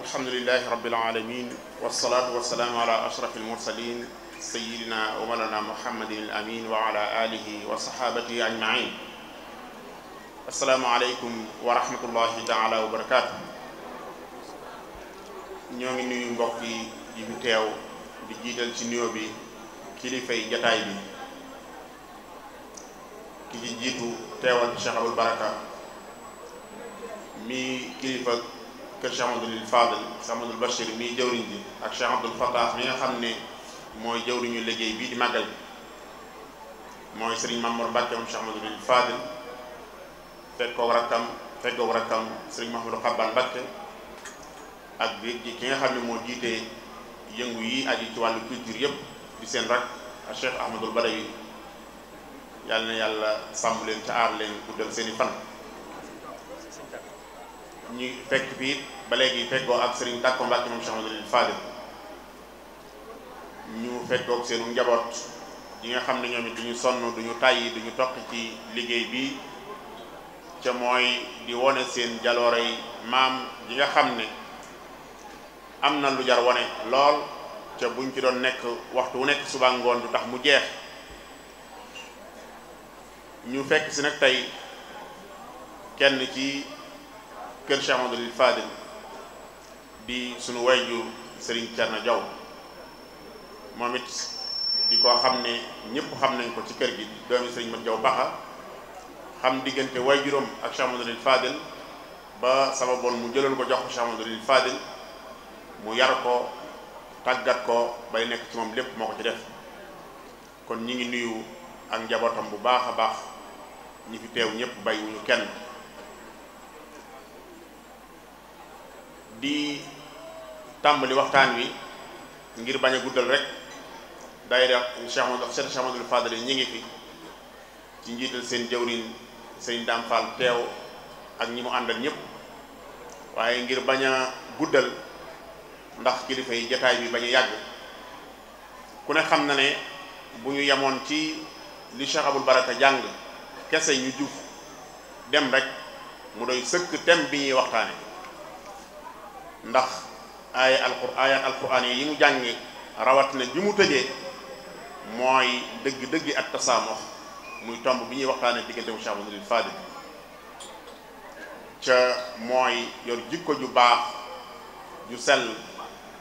alhamdulilahi rabbil alamin wasalaatu wasalaamu ala ashraf almursalin sayidina wa mawlana muhammadin al amin wa ala alihi wa sahabatihi ajmain asalaamu aleykum wa rahmatullahi taala wa barakatu ñoo ngi nuyu mbokk yi yi fi teew di jiital ci nuyoo bi kilifay jataay bi ki ci jiitu teewal Cheikh Abul Baraka mi kilifa kër Cheikh Amadou Fadel Cheikh Amadou Bachir mii jawriñ ji ak Cheikh Abdoul Fattah mi nga xam ne mooy jawriñu liggéey bii di màggal mooy Serigne Mamour Mbacke moom Cheikh Amadou Fadel fekkoog rakkam fekkoog rakkam Serigne Mahmoudou Xabban Mbacke ak bi ki nga xam ne moo jiitee yëngu yi aju ci wàllu yëpp di seen rak ak Cheikh Ahmadul Badawi yàlla na yàlla sàmm leen ca aar leen guddal seen i fan. ñu fekk fii ba léegi fekkoo ak sëriñ Dàkko Mbàkke moom Cheikh Amadou Fadil ñu fekkoog seenu njaboot yi nga xam ne ñoom it duñu sonn duñu tàyyi duñu toq ci liggéey bi ca mooy di wone seen jaloorey maam yi nga xam ne am na lu jar wone lool ca buñ ci doon nekk waxtu wu nekk suba ngoon du tax mu jeex ñu fekk si nag tey kenn ci kër Cheikh Amadou Fadil di sunu wayjur Serigne Thierno Diaw moom it di ko xam ne ñëpp xam nañ ko ci kër gi doomi Serigne Mat Diaw Baxa xam diggante wayjuram ak Cheikh Amadou Fadil ba sababoon mu jëlal ko jox ko Cheikh Fadil mu yar ko tàggat ko bay nekk ci moom lépp moo ko ci def kon ñi ngi nuyu ak njabootam bu baax a baax ñi fi teew ñëpp bay wuñu kenn di tàmbali waxtaan wi ngir bañ a guddal rek daayira Cheikh Amadou Cheikh Amadou Fadal yi ñu ngi fi ci njiital seen jawriñ sëñ Dame Fall teew ak ñi mu àndal ñëpp waaye ngir bañ a guddal ndax kilifa yi jataay bi bañ yàgg ku ne xam na ne bu ñu yemoon ci li Cheikh Abul Baraka jàng kese ñu juf dem rek mu doy sëkk tem bi ñuy waxtaane ndax aaya alqur aayat alquran yi mu jànge rawat na bi mu tëjee mooy dëgg-dëgg ak tasaamux muy tomb bi ñuy waxtaane diggante mu Cheikh Abdoul Fadil ca mooy yor jikko ju baax ju sel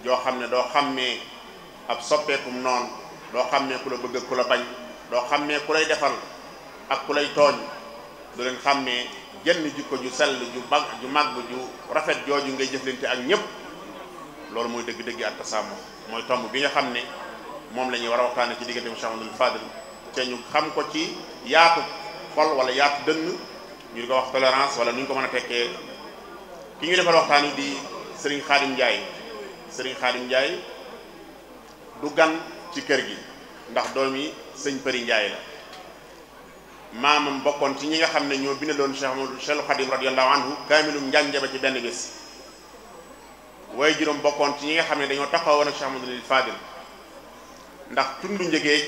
joo xam ne doo xàmmee ab soppeekum noonu doo xàmmee ku la bëgg ku la bañ doo xàmmee ku lay defal ak ku lay tooñ du leen xàmmee jënn jikko ju sell ju mag ju mag ju rafet jooju ngay jëflante ak ñëpp loolu mooy dëgg-dëgg ak tasaamu mooy tomb bi nga xam ne moom la ñuy war a waxtaane ci diggante Cheikh Amadou Fadil te ñu xam ko ci yaatu xol wala yaatu dënn ñu di ko wax tolérance wala nu ñu ko mën a tekkee ki ñu defal waxtaan yi di sëriñ Khadim njaay sëriñ Khadim Ndiaye du gan ci kër gi ndax doom yi sëñ Përi njaay la maamam bokkoon ci ñi nga xam ne ñoo bindaloon Cheikh Ahmadou Cheikh Khadim radiyallahu anhu kaamilum njànjaba ci benn bés waaye juróom bokkoon ci ñi nga xam ne dañoo taxawoon ak Cheikh Ahmadou Fadil ndax tundu njëgeej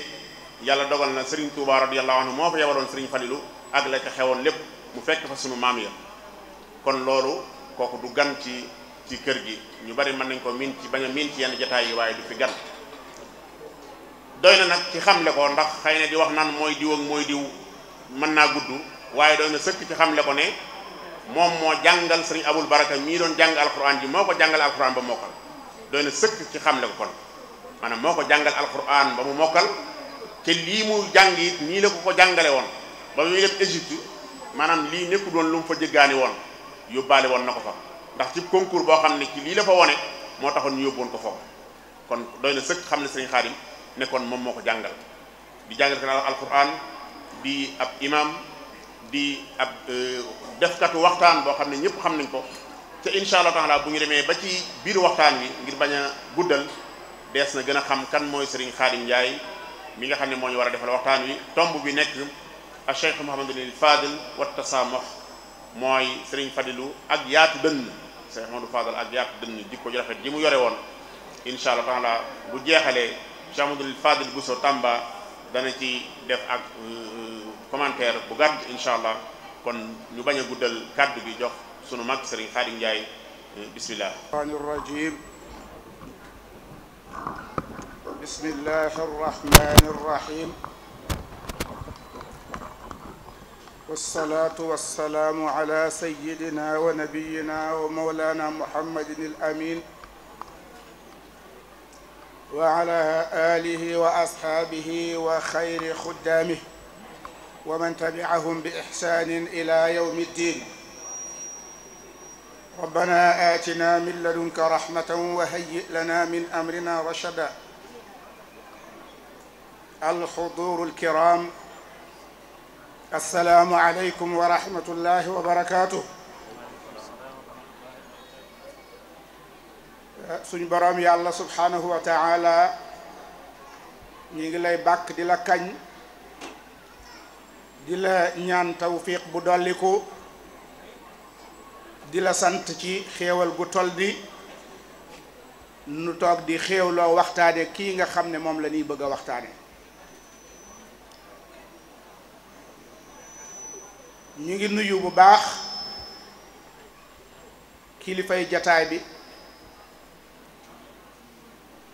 yàlla dogal na Serigne Touba radiyallahu anhu moo fa yabaloon Serigne Falilu ak la ca xewoon lépp mu fekk fa sunu maam ya kon loolu kooku du gan ci ci kër gi ñu bari mën nañ ko miin ci bañ a miin ci yenn jataay yi waaye du fi gan doy na nag mën naa gudd waaye doon na sëkk ci xamle ko ne moom moo jàngal sëriñ abul baraka mii doon jàng alquran ji moo ko jàngal alquran ba mokkal doy na sëkk ci xamle ko kon maanaam moo ko jàngal alquran ba mu mokkal te lii mu jàng it nii la ko ko jàngale woon ba muy yëpp Égypte maanaam lii nekkul woon lu mu fa jëggaani woon yóbbaale woon na ko fa ndax ci concours boo xam ne ci lii la fa wone moo taxoon ñu woon ko foofu kon doy na sëkk xam ne sëriñ xaadim ne kon moom moo ko jàngal di jàngal ko alquran di ab imam di ab euh, defkatu waxtaan boo xam ne ñëpp xam nañ ko te incha allah taala bu ñu demee ba ci biir waxtaan wi ngir bañ a guddal des na gën a xam kan mooy Serigne Khadim Ndiaye mi nga xam ne moo ñu war a defal waxtaan wi tomb bi nekk a Cheikh Mouhamadul Fadil wa tasaamux mooy sëriñ Fadilu ak yaatu dënn Cheikh Mouhamadou Fadil ak yaatu dënn jikko rafet ji mu yore woon incha allah taala bu jeexalee Cheikh Mouhamadul Fadil Bousso Tamba dana ci def ak. Euh, commentaire bu gàtt incha allah kon ñu bañ a guddal kàddu gi jox sunu mag sëriñ Xaadim Njaay euh, bismillah rahmaani rahim bismillahi arrahmani arrahim والصلاة والسلام على سيدنا ونبينا ومولانا محمد الأمين وعلى آله وأصحابه وخير خدامه wa man tabi'ahum bi ihsaanin ilaa yawmi ddiin rabbanaa aatinaa min ladunka rahmatan wa hayyi' lanaa min amrinaa rashadaa alxuduuru alkiraam assalaamu aleykum wa rahmatullaahi wa barakaatuh suñ boroom yàlla subhaanahu wa taala ñi ngi lay bàkk di la kañ di la ñaan tawfiq bu dolliku di la sant ci xewal gu tol bi nu toog di xéewloo waxtaane kii nga xam ne moom la bëgg a waxtaane ñu ngi nuyu bu baax kilifay jataay bi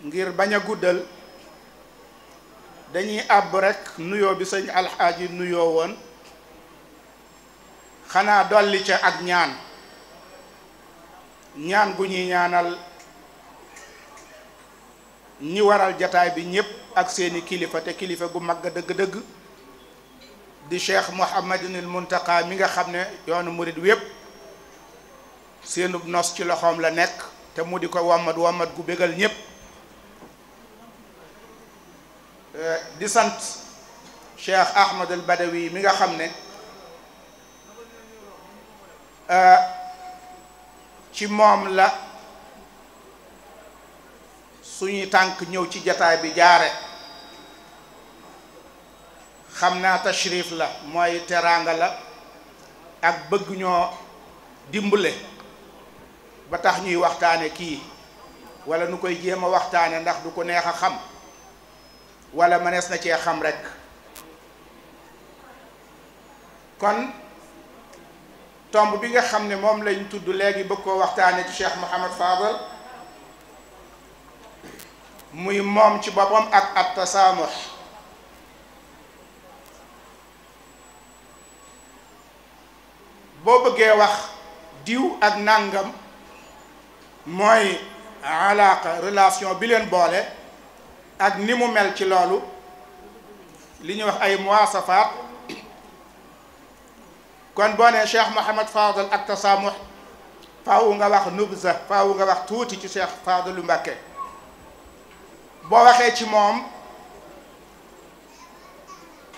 ngir bañ a guddal dañuy àbb rekk nuyoo bi sëñ alxaaji nuyoo woon xanaa dolli ca ak ñaan ñaan gu ñuy ñaanal ñi waral jataay bi ñépp ak seeni kilifa te kilifa gu mag a dëgg-dëgg di cheikh mouhamadinil muntaka mi nga xam ne yoonu murit wépp seenub nos ci loxoom la nekk te mu di ko wammat wammat gu bégal ñépp Euh, di sant Cheikh Ahmad al Badawi mi nga xam ne euh, ci moom la suñuy tànk ñëw ci jataay bi jaare xam naa tashrif la mooy teraanga la ak bëgg ñoo dimbale ba tax ñuy waxtaane kii walla nu koy jéem a waxtaane ndax du ko neex a xam wala mënees na cee xam rekk kon tomb bi nga xam ne moom lañ tudd léegi bëgg koo waxtaane ci Cheikh Mouhamad Fadal muy moom ci boppam ak at tasaamuh boo bëggee wax diw ak nàngam mooy alaaka relation bi leen boole ak ni mu mel ci loolu li ñu wax ay muwaasafaat kon boo nee Cheikh Mouhamad Fadal ak tasaamux faaw nga wax nubza faaw nga wax tuuti ci Cheikh Fadalu Mbàkke boo waxee ci moom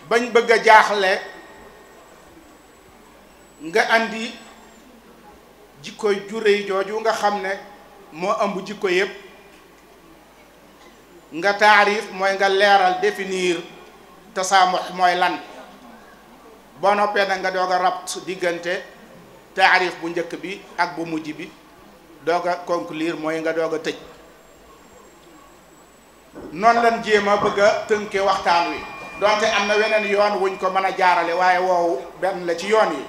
bañ bëgg a jaaxle nga andi jikkoy jure yi jooju nga xam ne moo ëmb jikko yépp nga taariif mooy nga leeral définir tasaamux mooy lan boo noppee nag nga doog a rabt diggante taarif bu njëkk bi ak bu mujj bi doog a conclure mooy nga doog a tëj noonu lan jéem a bëgg a tënke waxtaan wi donte am na weneen yoon wuñ ko mën a jaarale waaye woowu benn la ci yoon yi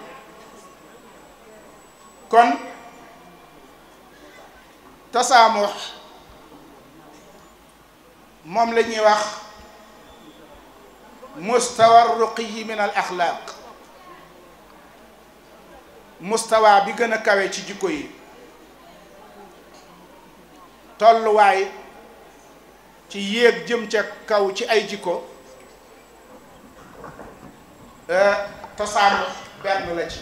kon tasaamux moom lañuy ñuy wax mustawa ruqiyi min al axlaaq mustawa bi gën a kawe ci jikko yi tolluwaay ci yéeg jëm ca kaw ci ay jikko euh, tasaanu benn la ci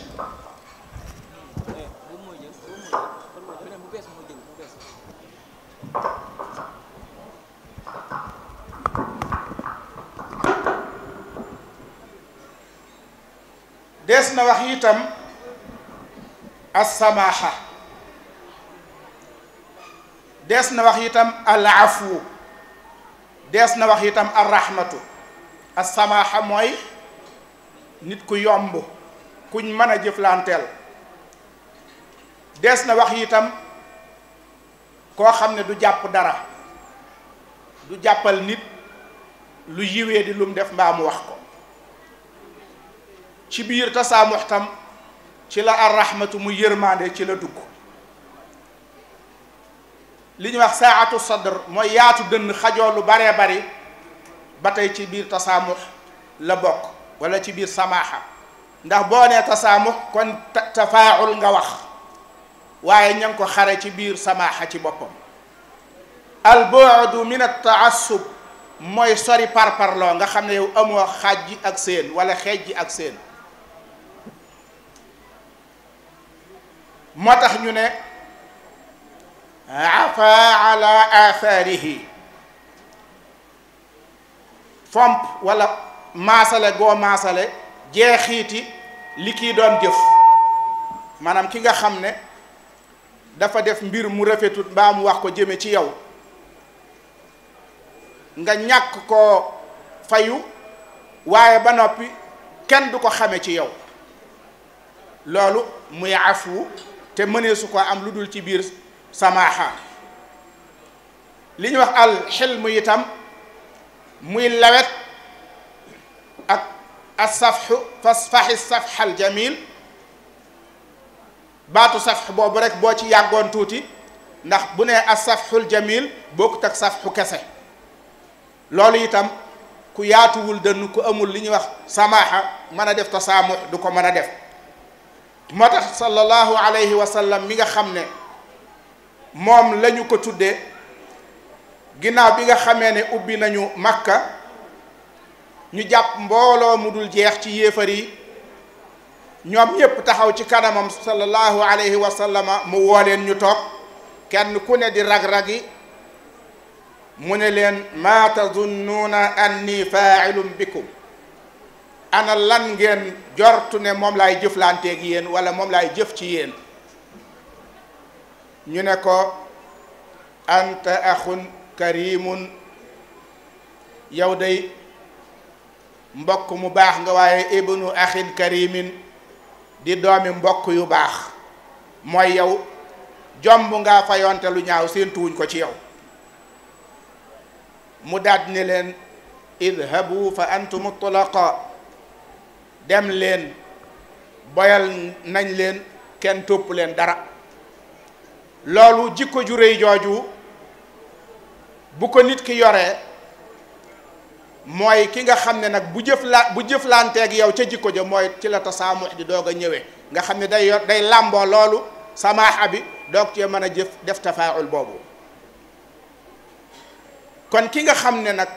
dees na wax itam assamaaxa dees na wax itam alafu dees na wax itam arrahmatu assamaaxa mooy nit ku yomb kuñ mën a jëflanteel dees na wax itam koo xam ne du jàpp dara du jàppal nit lu yiwee di lum def mbaa mu wax ko ci biir tasaamux tam ci la arrahmatu mu yërmaande ci la dugg li ñuy wax saatu sadr mooy yaatu dënn xajoo lu baree bari ba tey ci biir tasaamux la bokk wala ci biir samaaxa ndax boo nee tasaamux kon tafaaul nga wax waaye ña ngi ko xare ci biir samaaxa ci boppam al bu'du min at taassub mooy sori parparloo nga xam ne yow amoo xaaj ak seen wala xeej ak seen moo tax ñu ne afa ala atharihi fomp wala maasale goo maasale jeexiiti li kii doon jëf maanaam ki nga xam ne dafa def mbir mu rafetut mbaa mu wax ko jëme ci yow nga ñàkk ko fayu waaye ba noppi kenn du ko xame ci yow loolu muy afu te mënee su ko am lu dul ci biir samaaxa li ñu wax al xilmu itam muy lawet ak asafxu fasfaxi safxal jamil baatu safx boobu rek boo ci yàggoon tuuti ndax bu nee asafxul jamil bokkut ak safxu kese loolu itam ku yaatuwul dënn ku amul li ñuy wax samaaxa mën a def ko tasaamux du ko mën a def moo tax sallallahu alayhi wa mi nga xam ne moom lañu ko tuddee ginnaaw bi nga xamee ne ubbi nañu makka ñu jàpp mbooloo mu dul jeex ci yéefar yi ñoom ñépp taxaw ci kanamam sallallahu alayhi wa sallama mu woo leen ñu toog kenn ku ne di rag-ragi mu ne leen ma tazunnuuna anni faa'ilun bikum ana lan ngeen jortu ne moom laay jëflanteeg yéen wala moom laay jëf ci yéen ñu ne ko anta axun karimun yow day mbokk mu baax nga waaye ibnu axin karimin di doomi mbokk yu baax mooy yow jomb ngaa fayonte lu ñaaw séentuwuñ ko ci yow mu daat ne leen idhabu fa antum tulaqa dem leen boyal nañ leen kenn topp leen dara loolu jikko ju réy jooju bu ko nit ki yoree mooy ki nga xam ne nag bu jëf la bu jëflanteeg yow ca jikko ja mooy ci la tasaamu di doog a ñëwee nga xam ne day day làmboo loolu samaaxa bi doog cee mën a jëf def tafaawul boobu kon ki nga xam ne nag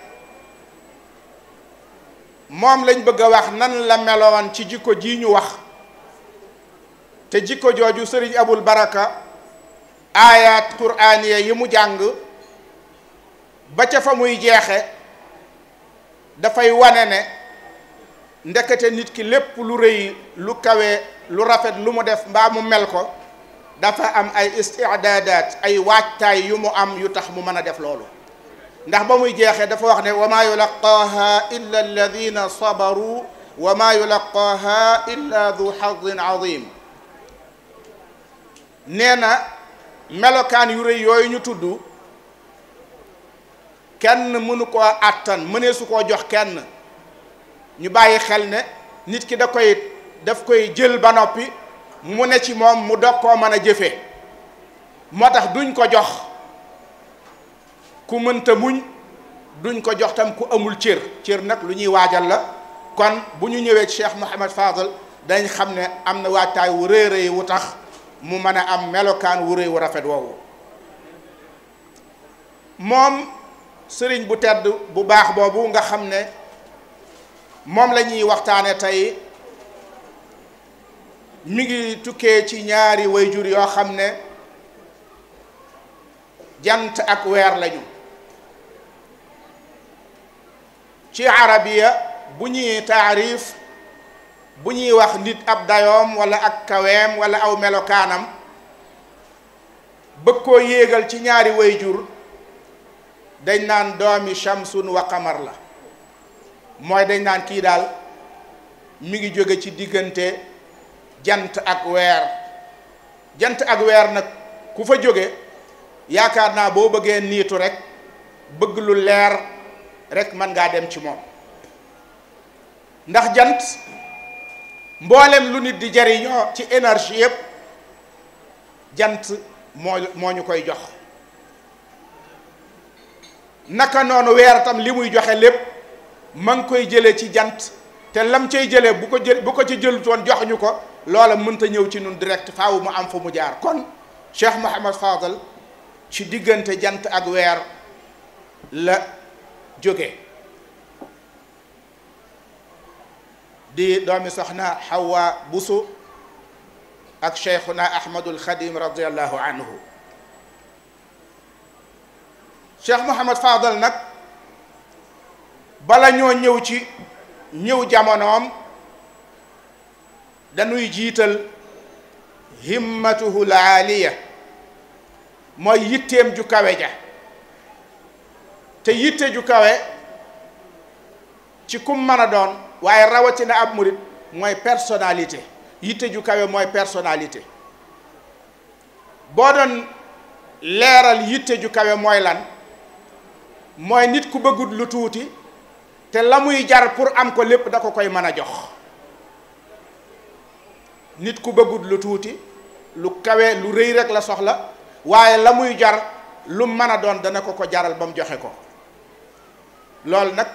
moom lañ bëgg a wax nan la meloon ci jikko ji ñu wax te jikko jooju sëriñ abul baraka aayaat quraaniya yi mu jàng ba ca fa muy jeexe dafay wane ne ndekete nit ki lépp lu rëy lu kawe lu rafet lu mu def mbaa mu mel ko dafa am ay istidaadaat ay waajtaay yu mu am yu tax mu mën a def loolu ndax ba muy jeexee dafa wax ne wa maa yulaqaaha illa alladina sabaru wa maa yulaqaaha illa nee na melokaan yu rëy yooyu ñu tudd kenn mënu koo àttan mëneesu koo jox kenn ñu bàyyi xel ne nit ki da koy daf koy jël ba noppi mu ne ci moom mu dog koo mën a jëfe moo tax duñ ko jox ku mënta muñ duñ ko jox tam ku amul cër cër nag lu ñuy waajal la kon bu ñu ñëwee Cheikh Mouhamed Fadel dañ xam ne am na waajtaay wu rëy rëy wu tax mu mën a am melokaan wu rëy wu rafet woowu moom sëriñ bu tedd bu baax boobu nga xam ne moom la ñuy waxtaane tey mi ngi tukkee ci ñaari wayjur yoo xam ne jant ak weer lañu ci arabiya bu ñuy taarif bu ñuy wax nit ab dayoom walla ak kaweem wala aw melokaanam bëgg koo yéegal ci ñaari way jur dañ naan doomi shamsun wa qamar la mooy dañ naan kii daal mi ngi jóge ci diggante jant ak weer jant ak weer nag ku fa jóge yaakaar naa boo bëggee niitu rek bëgg lu leer rek mën ngaa dem ci moom ndax jant mboolem lu nit di jariñoo ci énergie yépp jant moo moo ñu koy jox naka noonu weeratam li muy joxe lépp ma ngi koy jële ci jant te lam cay jëlee bu ko jël bu ko ci jëlutoon jox ñu ko loola mënta ñëw ci nun direct faaw mu am fu mu jaar kon Cheikh Mouhamad Fadal ci diggante jant ak weer la jóge di doomi soxna Hawa Busu ak cheikhuna Ahmadul Xadim radiallahu anhu cheikh Mouhamad Fadal nag bala ñoo ñëw ci ñëw jamonoom dañuy jiital himmatuhu laaliya mooy yitteem ju kawe ja te yitte ju kawe ci kum mën a doon waaye rawatina am murit mooy personnalité yitte ju kawe mooy personnalité boo doon leeral yitte ju kawe mooy lan mooy nit ku bëggut lu tuuti te la muy jar pour am ko lépp da ko koy mën a jox nit ku bëggut lu tuuti lu kawe lu rëy rek la soxla waaye la muy jar lu mën a doon dana ko ko jaral ba mu joxe ko loolu nag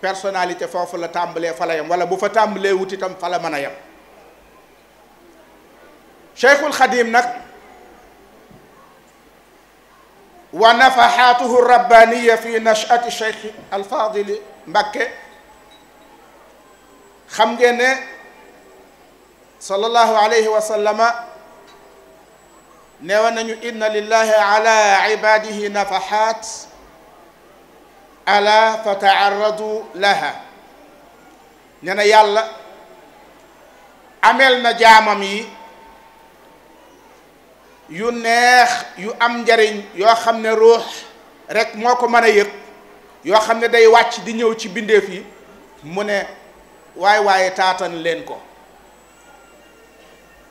personnalité foofu la tàmbalee fala la wala bu fa tàmbalee wut itam fa la mën a yem Cheikhul Xadim nag wa nafaxaatuhu rabbaniya fi nachati Cheikh Alfadili Mbakke xam ngeen ne sallallahu alayhi wa sallama neewa nañu inna lillahi ala ibadihi ala fa taarradu laha nee yàlla ameel na jaamam yi yu neex yu am njariñ yoo xam ne ruux rek moo ko mën a yëg yoo xam ne day wàcc di ñëw ci bindeef yi mu ne waay waaye taatan leen ko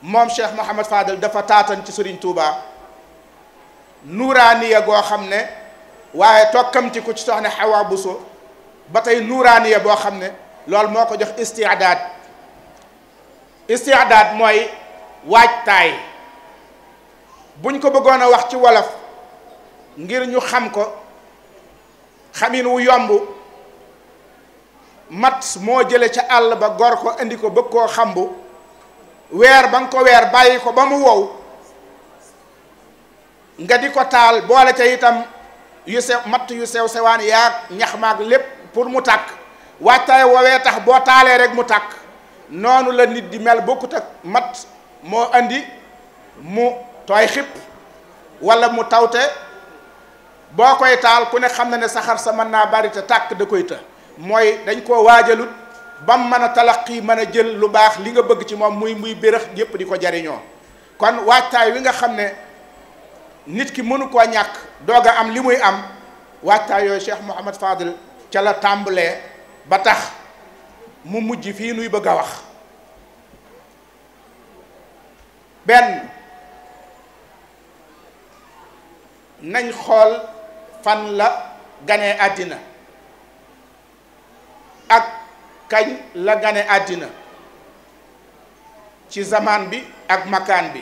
moom Cheikh Mouhamad Fadel dafa taatan ci Serigne Touba nuuraaniya goo xam ne waaye tokkamti ku ci soxna Awa Bousso ba tey nuuraaniya boo xam ne loolu moo ko jox istiadaat istiadaat mooy waajtaay buñ ko bëggoon a wax ci wolof ngir ñu xam ko xamin wu yomb mat moo jële ca àll ba gor ko indi ko bëgg koo xambu weer ba nga ko weer bàyyi ko ba mu wow nga di ko taal boole ca itam yu sew matt yu sew sewaan yaag ñax maag lépp pour mu tàkk waajtaay woowee tax boo taalee rek mu tàkk noonu la nit di mel bokkut ak matt moo indi mu tooy xip wala mu tawte boo koy taal ku ne xam na ne saxaar sa mën naa bari te tàkk da koy të mooy dañ koo waajalut bam mën a talaqi mën a jël lu baax li nga bëgg ci moom muy muy bérax yépp di ko jariñoo kon waajtaay wi nga xam ne nit ki mënu koo ñàkk doog a am li muy am waajtaay yooyu Cheikh Mouhamad Fadil ca la tàmbalee ba tax mu mujj fii nuy bëgg a wax benn nañ xool fan la gane àddina ak kañ la gane àddina ci zamaan bi ak makaan bi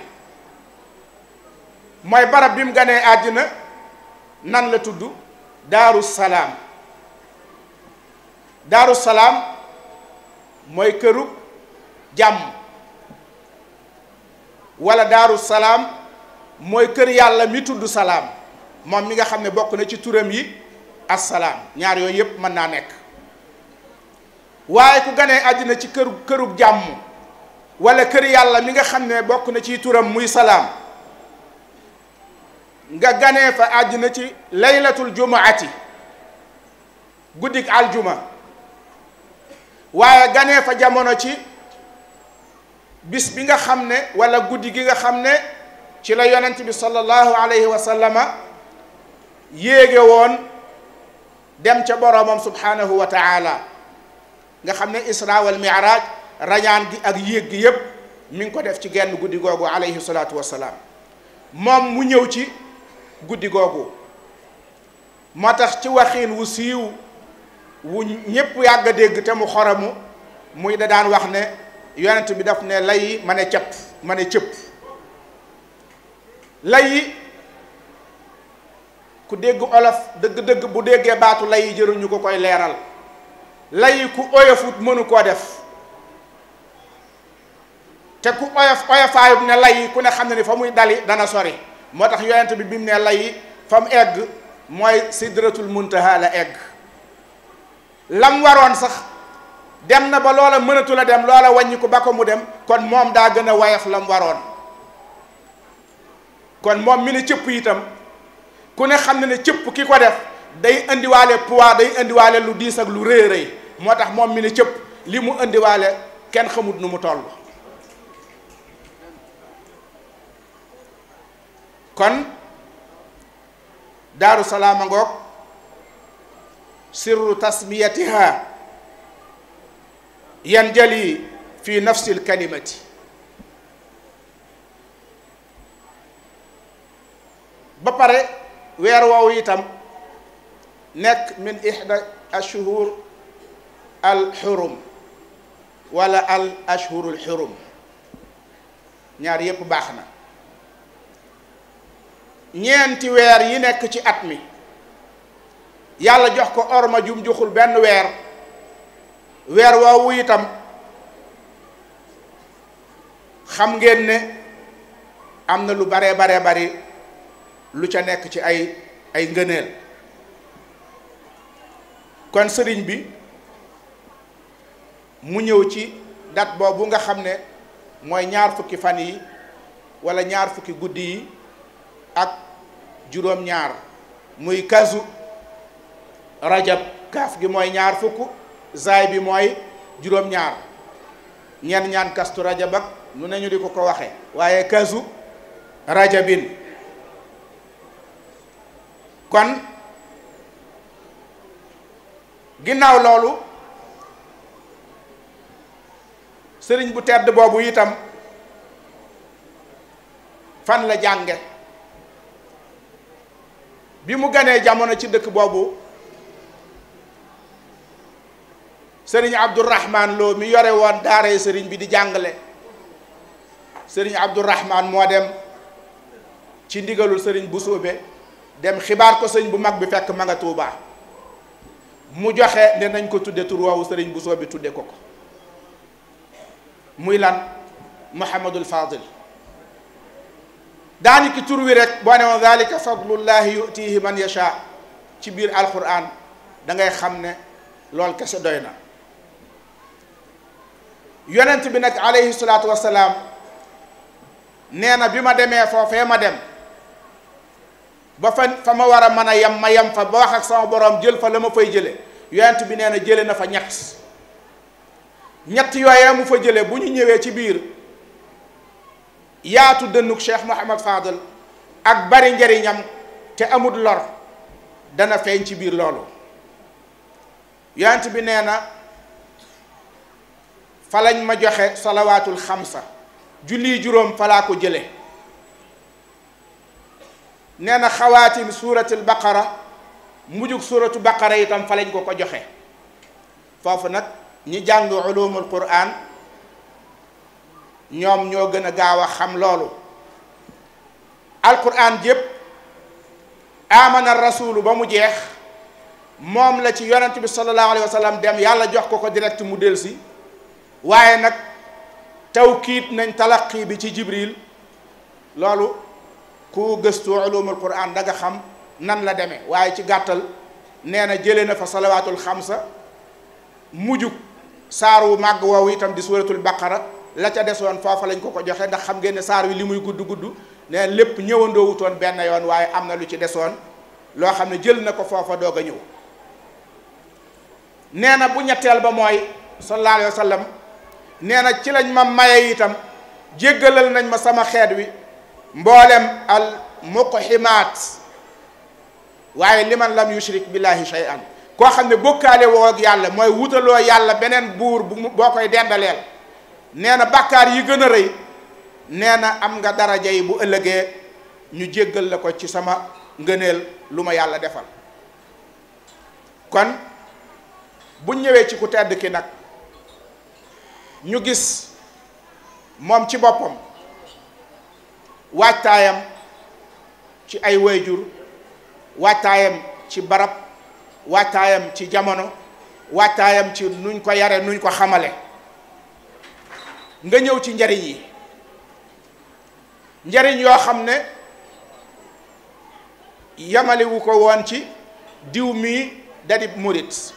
mooy barab bi mu ganee àddina nan la tudd daaru salaam daaru salaam mooy këru jàmm wala daaru salaam mooy kër yàlla mi tudd salaam moom mi nga xam ne bokk na ci turam yi assalaam ñaar yooyu yépp mën naa nekk waaye ku ganee àddina ci këru këru jàmm wala kër yàlla mi nga xam ne bokk na ci turam muy salaam nga ganee fa àddina ci laylatul jumaati guddi aljuma waaye ganee fa jamono ci bis bi nga xam ne walla guddi gi nga xam ne ci la yonent bi sallallahu alayhi wa sallama yéege woon dem ca boroomam subhanahu wa taala nga xam ne isra wal miraaj rañaan gi ak yéeg gi yépp mi ngi ko def ci genn guddi googu alayhi salaatu wa salaam moom mu ñëw ci guddi googu moo tax ci waxiin wu siiw wu ñépp yàgg dégg te mu xoramu muy da daan wax ne yonent bi daf ne lay ma ne cëpp ma ne cëpp lay ku dégg olof dëgg-dëgg bu déggee baatu lay jëruñu ko koy leeral lay ku oyofut mënu koo def te ku oyof oyofaayut ne lay ku ne xam ne ni fa muy dali dana sori moo tax yonent bi bi mu nee lay fa mu egg mooy sidratul muntaha la egg lam waroon sax dem na ba loola mënatul a dem loola wàññi ko ba ko mu dem kon moom daa gën a woyof lam waroon kon moom mi ne cëpp itam ku ne xam ne ne cëpp ki ko def day indiwaale poids day indiwaale lu diis ak lu rëy rëy moo tax moom mi ne cëpp li mu indiwaale kenn xamut nu mu toll kon daaru salaama ngoog sirru tasmiyatiha yanjali fi nafsil kalimati ba pare weer woowu itam nekk min ixda ashhur al xurum wala al ashhurul xurum ñaar yépp baax na ñeenti weer yi nekk ci at mi yàlla jox ko orma jum joxul benn weer weer woowu itam xam ngeen ne am na lu baree baree bari lu ca nekk ci ay ay ngëneel kon sëriñ bi mu ñëw ci date boobu nga xam ne mooy ñaar fukki fan yi walla ñaar fukki guddi yi ak juróom-ñaar muy kasu rajab kaaf gi mooy ñaar fukk zaay bi mooy juróom-ñaar ñenn ñaan kastu rajab ak nu nañu di ko ko waxe waaye kasu rajabin kon ginnaaw loolu sëriñ bu tedd boobu itam fan la jànge bi mu ganee jamono ci dëkk boobu sëriñ Abdourahman Lo mu yore woon daaree sëriñ bi di jàngale sëriñ Abdourahman moo dem ci ndigalul sëriñ bu sóobee dem xibaar ko sëriñ bu mag bi fekk ma nga Tuuba mu joxe ne nañ ko tudde tur woowu sëriñ bu sóobe tudde ko ko muy lan Mouhamadul Fadil daani ki tur wi rek boo ne woon dalika fadlullahi yutihi man yasha ci biir alquran da dangay xam ne loolu kese doy na yonent bi nag alayhi salaatu wasalaam nee na bi ma demee foofee ma dem ba fa fa ma war a mën a yem ma yem fa ba wax ak sama boroom jël fa la ma fay jële yonent bi nee na jële na fa ñett ñett yooya mu fa jële bu ñu ñëwee ci biir yaatu dënnuk Cheikh Mouhamad Fadel ak bari njariñam te amul lor dana feeñ ci biir loolu yonent bi nee na fa lañ ma joxe salawaatul xamsa julli juróom falaa ko jële nee na xawaatim suuratul baqara mujjug suuratu baqara itam fa lañ ko ko joxe foofu nag ñi jàng ulumul quraan ñoom ñoo gën a gaaw a xam loolu alquran jépp amana rasulu ba mu jeex moom la ci yonent bi sallallahu alayhi wa dem yàlla jox ko ko direct mu delsi waaye nag tawkiit nañ talaqi bi ci jibril loolu ku gëstu ulumul quran da xam nan la demee waaye ci gàttal nee na jëlee na fa salawaatul xamsa mujjug saar wu màgg woowu itam di suuratul baqara la ca desoon foofa lañ ko ko joxe ndax xam ngeen ne saar wi li muy gudd gudd ne lépp ñëwandoo wutoon benn yoon waaye am na lu ci desoon loo xam ne jël na ko foofa doog a ñëw nee na bu ñetteel ba mooy sallallahu alayhi wa nee na ci lañ ma maye itam jéggalal nañ ma sama xeet wi mboolem al muqximaat waaye liman lam yushrik billahi shay'an koo xam ne bokkaale woo ak yàlla mooy wutaloo yàlla beneen buur bu boo koy dendaleel nee na bàkkaar yi gën a rëy nee na am nga daraja yi bu ëllëgee ñu jéggal la ko ci sama ngëneel lu ma yàlla defal kon bu ñëwee ci ku tedd ki nag ñu gis moom ci boppam waajtaayam ci ay wayjur waajtaayam ci barab waajtaayam ci jamono waajtaayam ci nuñ ko yare nuñ ko xamale nga ñëw ci njariñ yi njariñ yoo xam ne yamalewu ko woon ci diw mii dadi murit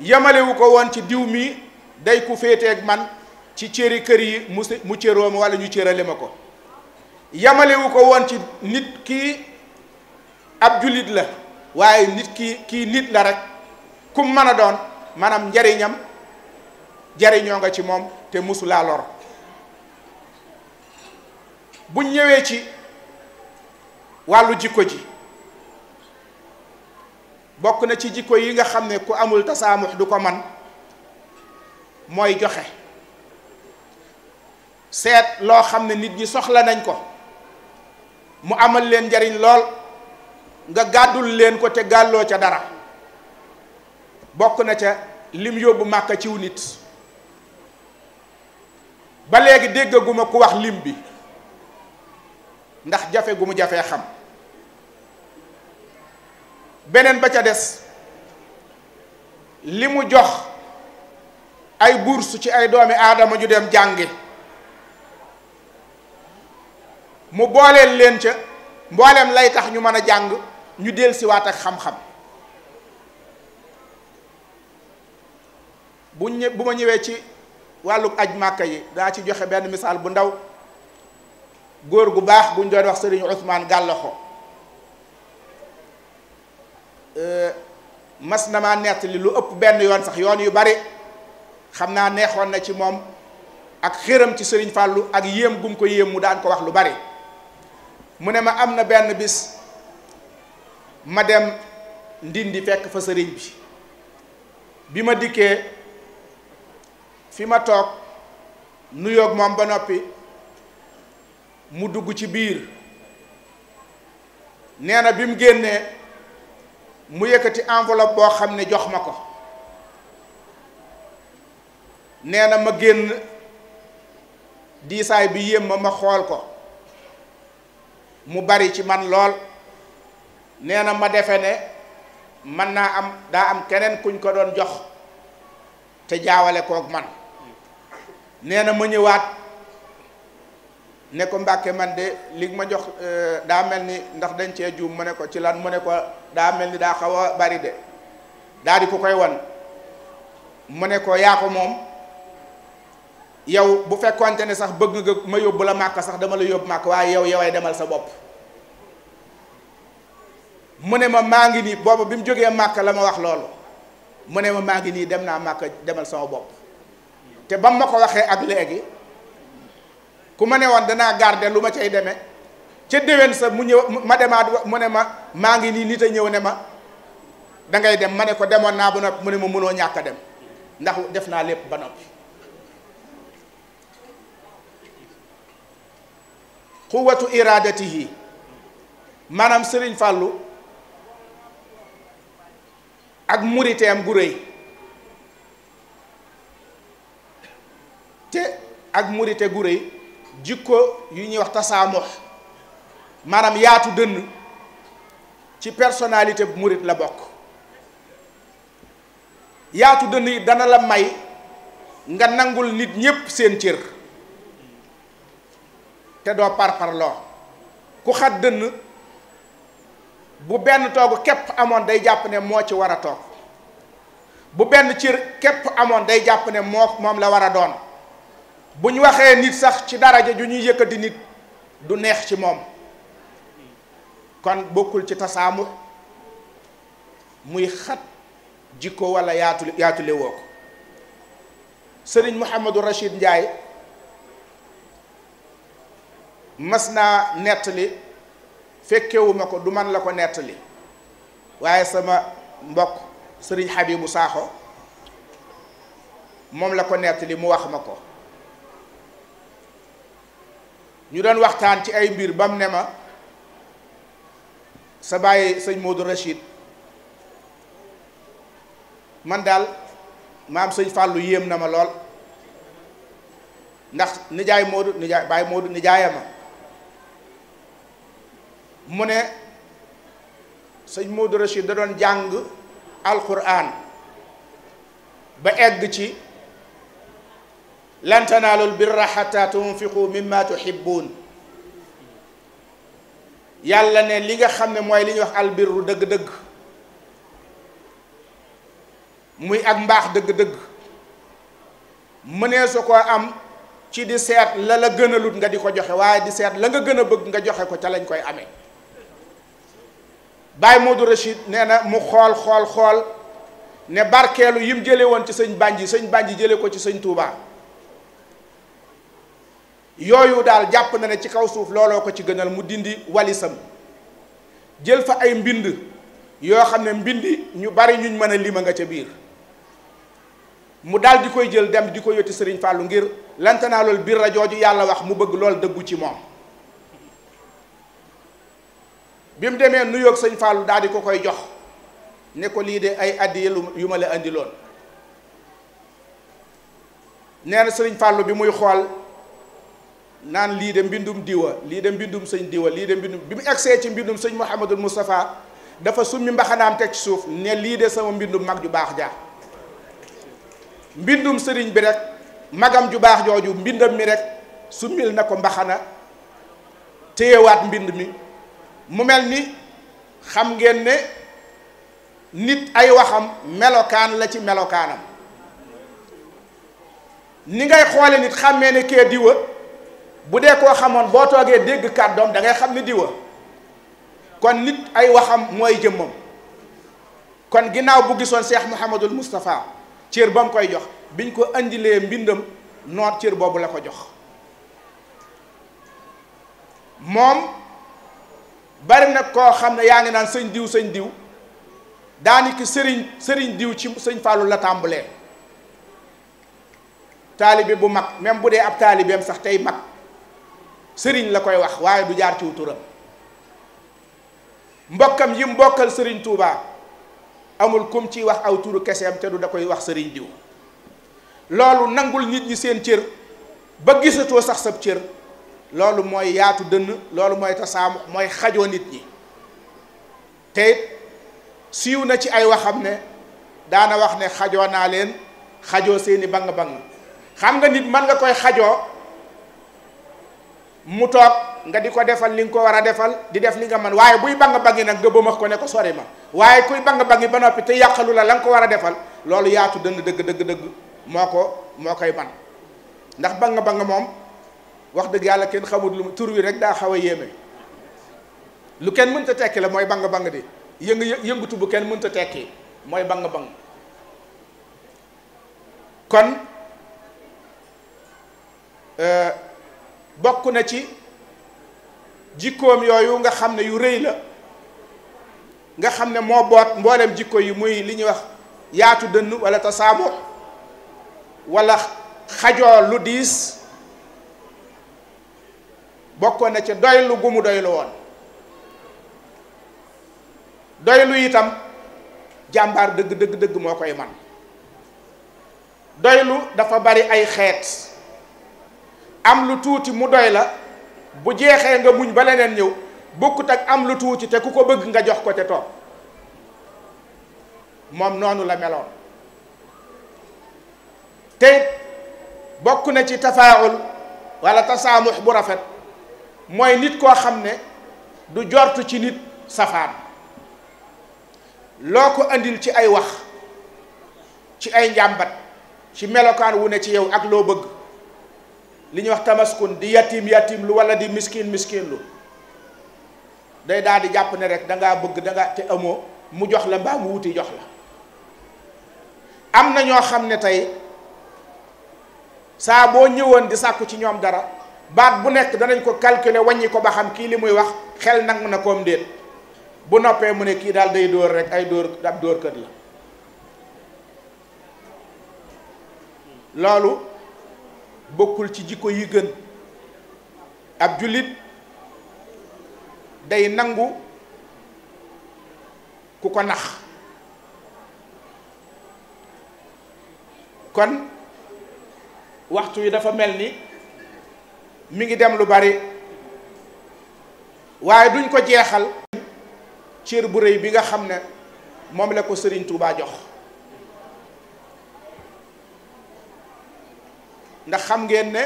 yamalewu ko woon ci diw mii day ku féeteeg man ci cëri kër yi mu mu cëroom wala ñu cërale ma ko yamalewu ko woon ci nit ki ab jullit la waaye nit ki kii nit la rek kum mën a doon maanaam njariñam jariñoo nga ci moom te musu laa lor buñ ñëwee ci wàllu jikko ji bokk na ci jikko yi nga xam ne ku amul tasaamux du ko man mooy joxe seet loo xam ne nit ñi soxla nañ ko mu amal leen njariñ lool nga gàddul leen ko te gàlloo ca dara bokk na ca lim yóbbu màkka ciw nit ba léegi déggaguma ku wax lim bi ndax jafe gu mu jafee xam beneen ba ca des li mu jox ay bourse ci ay doomi aadama ju dem jànge mu booleel leen ca mbooleem lay tax ñu mën a jàng ñu dellusiwaat ak xam-xam bu ñë bu ma ñëwee ci wàllu aj màkka yi daa ci joxe benn misaal bu ndaw góor gu baax guñ doon wax sëriñ Ousmane Gàllaxo euh, mas na maa nettali lu ëpp benn yoon sax yoon yu bari xam naa neexoon na ci moom ak xëram ci sëriñ Fàllu ak yéem gum ko yéem mu daan ko wax lu bari mu ne ma am na benn bis ma dem ndindi fekk fa sëriñ bi bi ma dikkee fi ma toog nuyoog moom ba noppi mu dugg ci biir nee na bi mu génnee mu yëkkati enveloppe boo xam ne jox ma ko nee na ma génn diisaay bi yéem ma ma xool ko mu bari ci man lool nee na ma defe ne mën naa am daa am keneen kuñ ko doon jox te jaawale kook man nee na ma ñëwaat ne ko Mbàkke man de li ma jox euh, daa mel ni ndax dañ cee juum mu ne ko ci lan mu ne ko daa mel ni daa xaw a bari de daal di ko koy wan mu ne ko yaa ko moom yow bu fekkonte ne sax bëgg nga ma yóbbu la màkk sax dama la yóbbu màkk waaye yow yoway demal sa bopp mu ne ma maa ngi nii booba bi mu jógee màkk la ma wax loolu mu ne ma maa ngi nii dem naa màkk demal sama bopp te ba mu ma ko waxee ak léegi ku ma ne woon danaa garder lu ma cay deme ca déwén sa mu ñëw ma demaat mu ne ma maa ngi nii nit a ñëw ne ma dangay dem ma ne ko demoon naa ba noppi mu ne ma mënoo ñàkk a dem ndax def naa lépp ba noppi quwwatu yi maanaam Sëriñ Fàllu ak muriteem gu rëy te ak murite gu rëy jikko yu ñuy wax tasaamux maanaam yaatu dënn ci personnalité bu murit la bokk yaatu dënn yi dana la may nga nangul nit ñépp seen cër te doo parparloo ku xat dënn bu benn toog képp amoon day jàpp ne moo ci war a bu benn cër képp amoon day jàpp ne moo moom la war a doon bu ñu waxee nit sax ci daraja ju ñuy yëkkati nit du neex ci moom kon bokkul ci tasaamu muy xat jikko wala yaatu yaatulewoo ko sëriñ Mouhamadou Rachid Ndiaye mas naa nettali fekkewuma ko du man la ko nettali waaye sama mbokk sëriñ Habibou saaxo moom la ko nettali mu wax ma ko ñu doon waxtaan ci ay mbir bam ne ma sa bàyyi sëñ Modou Rachid man daal maam sëñ Fàllu yéem na ma lool ndax nijaay Modou nijaay bàyyi Modou nijaaya ma mu ne sëñ Modou Rachid da doon jàng alquran ba egg ci lan tanaalul birra xatta tunfiqu mimma tuhibbuun yàlla ne li nga xam ne mooy li ñuy wax albirru dëgg-dëgg muy ak mbaax dëgg-dëgg mënee su ko am ci di seet la la gën a lut nga di ko joxe waaye di seet la nga gën a bëgg nga joxe ko ca lañ koy amee Baye Modou Rachid nee na mu xool xool xool ne barkeelu yim jële woon ci sëñ Banji sëñ ji jële ko ci sëñ Touba. yooyu daal jàpp na ne ci kaw suuf looloo ko ci gënal mu dindi walisam jël fa ay mbind yoo xam ne mbindi ñu bari ñuñ mën a lima nga ca biir mu daal koy jël dem di ko yotti sëriñ Fallou ngir lantanaa loolu biir la jooju yàlla wax mu bëgg lool dëggu ci moom bi mu demee nuyoog sëñ Fallou daal di ko koy jox ne ko lii de ay addi yu ma la andi loon nee na bi muy xool. naan lii de mbindum diwa lii de mbindum sëñ diwa lii de mbindum bi mu egsee ci mbindum sëñ Mouhamadul Moustapha dafa summi mbaxanaam teg ci suuf ne lii de sama mbindum mag ju baax ja mbindum sëriñ bi rek magam ju baax jooju mbindam mi rek summil na ko mbaxana téyewaat mbind mi mu mel ni xam ngeen ne nit ay waxam melokaan la ci melokaanam ni ngay xoole nit xàmmee ne kee diwa bu dee koo xamoon boo toogee dégg kàddoom da ngay xam ni diwa kon nit ay waxam mooy jëmmam kon ginnaaw bu gisoon Cheikh Mouhamadul Moustapha cër ba mu koy jox biñ ko indilee mbindam noot cër boobu la ko jox moom bari na koo xam ne yaa ngi naan sëñ diw sëñ diw daanaka sëriñ sëriñ diw ci sëñ Fallou la tàmbalee taalibe bu mag même bu dee ab taalibeem sax tey mag. sëriñ la koy wax waaye du jaar ci turam mbokkam yi mbokkal sëriñ Touba amul kum ciy wax aw turu keseem te du da koy wax sëriñ diw loolu nangul nit ñi seen cër ba gisatoo sax sab cër loolu mooy yaatu dënn loolu mooy tasaamu mooy xajoo nit ñi te siiw na ci ay waxam ne daana wax ne xajoo naa leen xajoo seeni bang bang xam nga nit mën nga koy xajoo mu toog nga di ko defal li nga ko war a defal di def li nga mën waaye buy bang bangi nag nga bëmax ko ne ko sori ma waaye kuy bang bangi ba noppi te yàqalu la la ko war a defal loolu yaatu dënn dëgg dëgg dëgg moo ko moo koy man ndax bang bang moom wax dëgg yàlla kenn xamul lu tur wi rek daa xaw a yéeme lu kenn mënta tekki la mooy bang bang di yëngu yëngutu bu kenn mënta tekki mooy bang bang kon. Euh, bokk na ci jikkoom yooyu nga xam ne yu rëy la nga xam ne moo boot mboolem jikko yi muy li ñuy wax yaatu dënn wala tasaabo wala xajoo lu diis bokkoon na ci doylu gu mu doylu woon doylu itam jàmbaar dëgg dëgg dëgg moo koy man doylu dafa bari ay xeet am lu tuuti mu doy la bu jeexee nga muñ ba leneen ñëw bokkut ak am lu tuuti te ku ko bëgg nga jox ko te toog moom noonu la meloon te bokk na ci tafaawul walla tasaamux bu rafet mooy nit koo xam ne du jortu ci nit safaan loo ko andil ci ay wax ci ay njàmbat ci melokaan wu ne ci yow ak loo bëgg li ñuy wax tamaskun di yatim yatim lu wala di miskin miskin lu day daal di jàpp ni rek dangaa bëgg dangaa nga te amoo mu jox la mbaa mu wuti jox la am na ñoo xam ne tey saa boo ñëwoon di sàkku ci ñoom dara baat bu nekk danañ ko calculer wàññi ko ba xam kii li muy wax xel nangu na koom déet bu noppee mu ne kii daal day dóor rek ay dóor ab dóor kët la loolu bokkul ci jikko yi gën ab jullit day nangu ku ko nax kon waxtu wi dafa mel ni mi ngi dem lu bari waaye duñ ko jeexal cër bu rëy bi nga xam ne moom la ko Sëriñ Tuubaa jox ndax xam ngeen ne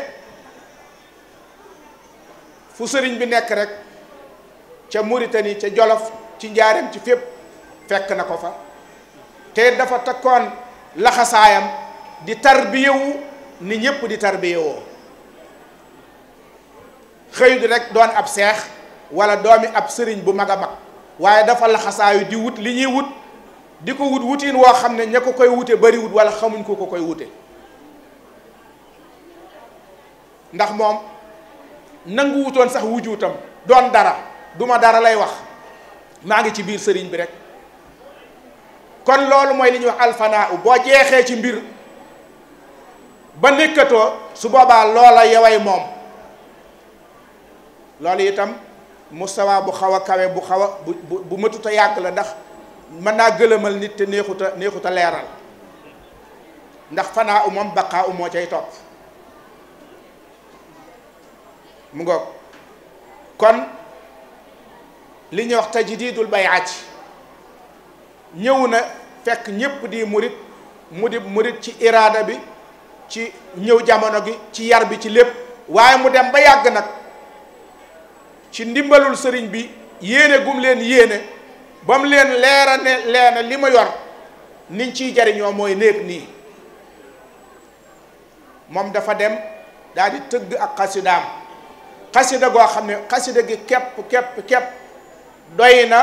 fu sëriñ bi nekk rek ca Mauritanie ca Jolof ci njaareem ci fépp fekk na ko fa te dafa takkoon laxasaayam di tarbiyewu ni ñépp di tarbiyewoo xëy du rek doon ab seex wala doomi ab sëriñ bu mag a mag waaye dafa laxasaayu di wut li ñuy wut di ko wut wutiin woo xam ne ña ko koy wute bariwut wala xamuñ ko ko koy wute ndax moom nanguwutoon sax wujuutam doon dara duma dara lay wax maa ngi ci biir sëriñ bi rekk kon loolu mooy li ñuy wax alfanaa boo jeexee ci mbir ba nekkatoo su boobaa loola yoway moom loolu itam mustawa bu xaw a kawe bu xaw a bu bu mëtuta yàgg la ndax mën naa gëlëmal nit te neexuta neexuta leeral ndax fanaa u moom baqaa u moo cay topp mu ngoog kon li ñuy wax tajdiidul bay'at ñëw na fekk ñépp di murit mu di ci iraada bi ci ñëw jamono gi ci yar bi ci lépp waaye mu dem ba yàgg nag ci ndimbalul sëriñ bi yéene gum leen yéene ba mu leen leera ne leena li ma yor niñ ciy jariñoo mooy néeg nii moom dafa dem daal tëgg ak xasidaam xasida goo xam ne xasida gi képp képp képp doy na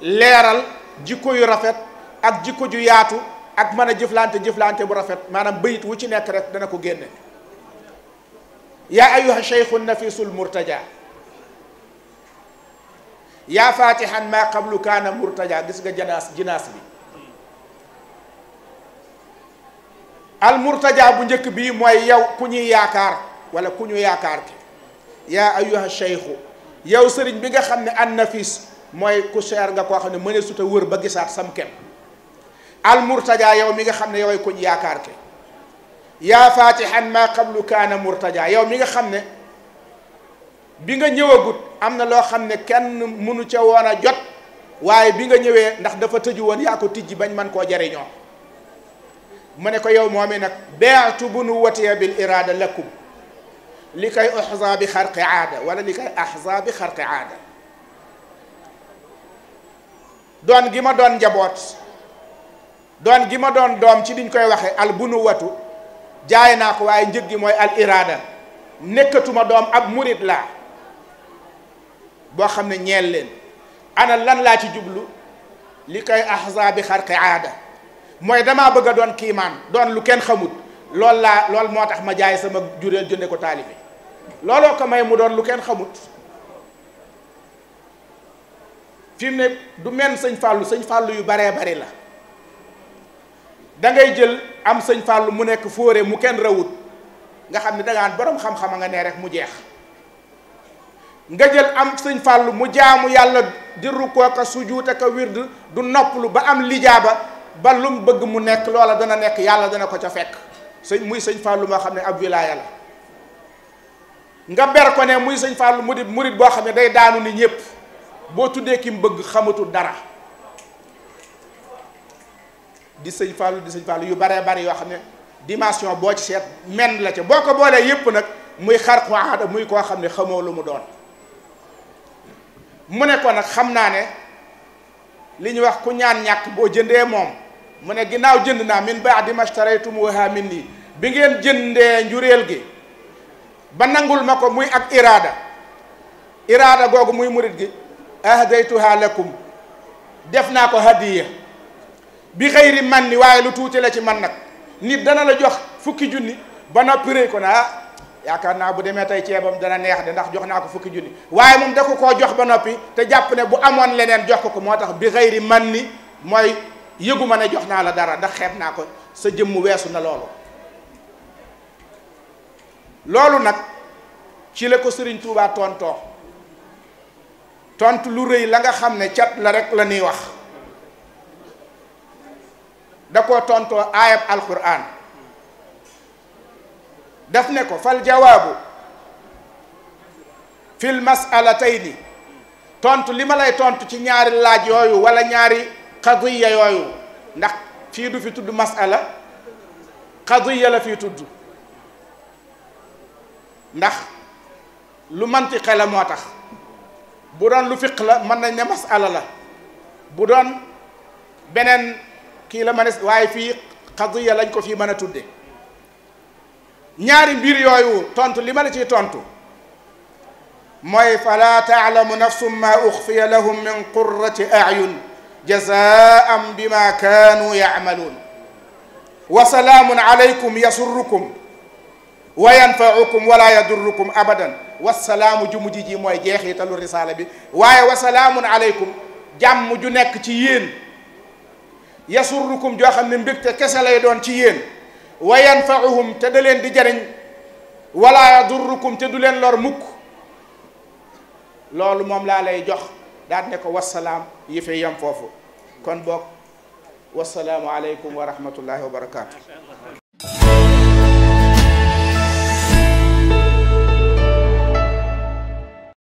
leeral jikko yu rafet ak jikko ju yaatu ak mën a jëflante jëflante bu rafet maanaam bayit wu ci nekk rek dana ko génne yaa ayuha cheikhu nafisul murtaja yaa fatihan ma qablu kaana murtaja gis bi al murtaja bu njëkk bii mooy yow ku ñuy yaakaar walla ku ñu yaakaar ki yaa ayyuha cheikhu yow sëriñ bi nga xam ne an nafis mooy ku cher nga koo xam ne mëne suta wër ba gisaat sam kem al murtaja yow mi nga xam ne yoway kuñ yaakaar te yaa fatihan ma qablu kaana murtaja yow mi nga xam ne bi nga ñëwagut am na loo xam ne kenn mënu ca woon a jot waaye bi nga ñëwee ndax dafa tëju woon yaa ko tijji bañ man koo jariñoo mu ne ko yow moomee nag beatu bu nu watiya bil iraada lakum li kay axza bi xarqi aada wala li kay axza bi xarqi aada doon gi ma doon njaboot doon gi ma doon doom ci liñ koy waxe al bunuwatu jaay naa ko waaye njëg gi mooy al nekkatuma doom ab murit laa boo xam ne ñeel leen ana lan laa ci jublu li kay axza bi xarqi aada mooy damaa bëgg a doon kiimaan doon lu kenn xamut loolu laa lool moo tax ma jaay sama jureel jënde ko taalibe looloo ko may mu doon lu kenn xamut fi mu ne du men sëñ fàllu sëñ fàllu yu baree bari la dangay jël am sëñ fàllu mu nekk fóore mu kenn rawut nga xam ne dangaan borom xam nga nee rek mu jeex nga jël am sëñ mu jaamu yàlla di rukkoo ka sujuut ak wird du noppalu ba am lijaaba ba lum bëgg mu nekk loola dana nekk yàlla dana ko ca fekk sëñ muy sëñ Fallou moo xam ne ab wilaaya la nga ber ko ne muy sëñ Fallou mu murid boo xam ne day daanu ni ñëpp boo tuddee ki mu bëgg xamatul dara di sëñ Fallou di sëñ Fallou yu baree bari yoo xam ne dimension boo ci seet men la ci boo ko boolee yépp nag muy xar ko aada muy koo xam ne xamoo lu mu doon mu ne ko nag xam naa ne li ñu wax ku ñaan ñàkk boo jëndee moom mu ne ginnaaw jënd naa min baadi mastaraytumuha minni bi ngeen jëndee njuréel gi ba nangul ma ko muy ak iraada iraada googu muy murit gi ahdaytuha lakum def naa ko hadiya bi xëyri man ni waaye lu tuuti la ci man nag nit dana la jox fukki junni ba noppi réy ko na ah, yaakaar naa bu demee tey ceebam dana neex de ndax jox naa ko fukki junni waaye moom da ko koo jox ba noppi te jàpp ne bu amoon leneen jox ko ko moo tax bi xëyri man ni mooy yëguma ma ne jox naa la dara ndax xeeb naa ko sa jëmm weesu na loolu loolu nag ci la ko sëriñ Touba tontoo tontu lu rëy la nga xam ne cat la rek la ñuy wax da ko tontoo aayab alquran daf ne ko fa fal jawaabu fil masalatayni tontu li ma lay tontu ci ñaari laaj yooyu walla ñaari qadiya yooyu ndax fii du fi tudd masala qadiya la fi tudd ndax lu mantiqe la moo tax bu doon lu fiq la mën nañ ne masala la bu doon beneen kii la mënees waaye fii qadiya lañ ko fii mën a tudde ñaari mbir yooyu tontu li ma la ciy tontu mooy fala taalamu nafsum ma uxfiya lahum min qurrati ayun jazaan bima kaanu yacmaluun wa salaamun alaykum yasurrukum wa yanfaukum wala yadurrukum abadan wasalaamu ju mujj ji mooy jeexitalu risaala bi waaye wasalaamun alaykum jàmm ju nekk ci yéen yasurrukum joo xam ne mbégte kese lay doon ci yéen wa yanfauhum te da leen di jariñ wala yadurrukum te du leen lor mukk loolu moom laa lay jox daal ne ko wasalaam yi fi yam foofu kon boog wasalaamu aleykum wa rahmatullahi wa barakaatu.